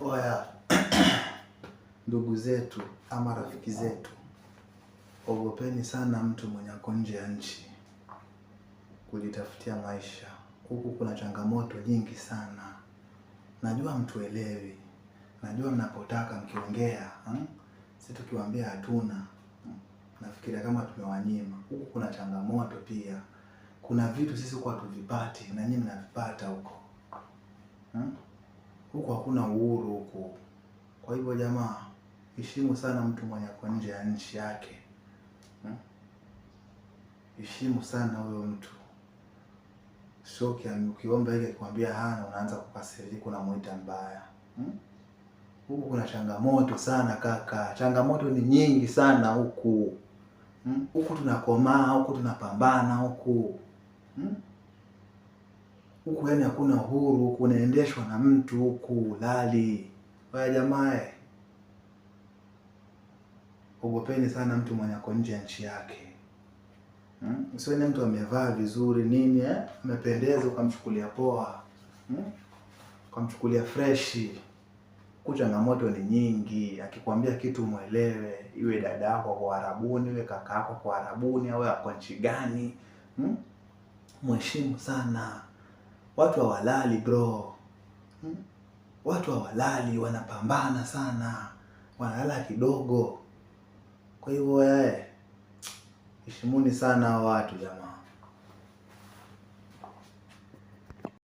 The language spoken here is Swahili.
Oya, ndugu zetu ama rafiki zetu, ogopeni sana mtu mwenye ako nje ya nchi kujitafutia maisha. Huku kuna changamoto nyingi sana. Najua mtuelewi, najua mnapotaka mkiongea, hmm? si tukiwaambia hatuna, nafikiria kama tumewanyima. Huku kuna changamoto pia, kuna vitu sisi kwa tuvipati na nyinyi mnavipata huko hmm? huku hakuna uhuru huku. Kwa hivyo jamaa, heshimu sana mtu mwenye kwa nje ya nchi yake, hmm? heshimu sana huyo mtu. Sio ukiomba ile akikwambia hana, unaanza kukasirika, unamuita mbaya hmm? Huku kuna changamoto sana kaka, changamoto ni nyingi sana huku hmm? huku, Tunakomaa huku, tunapambana huku, huku, yani hakuna uhuru huku, unaendeshwa na mtu huku lali. Waya jamaa, ogopeni sana mtu mwenye ako nje ya nchi yake hmm? Usione mtu amevaa vizuri nini eh? Amependeza ukamchukulia poa hmm? Ukamchukulia freshi Changamoto ni nyingi. Akikwambia kitu mwelewe, iwe dada yako kwa Arabuni, iwe kaka yako kwa Arabuni, au ako nchi gani hmm? Mheshimu sana. Watu hawalali bro, hmm? Watu hawalali, wanapambana sana, wanalala kidogo. Kwa hivyo eh, heshimuni sana watu jamaa.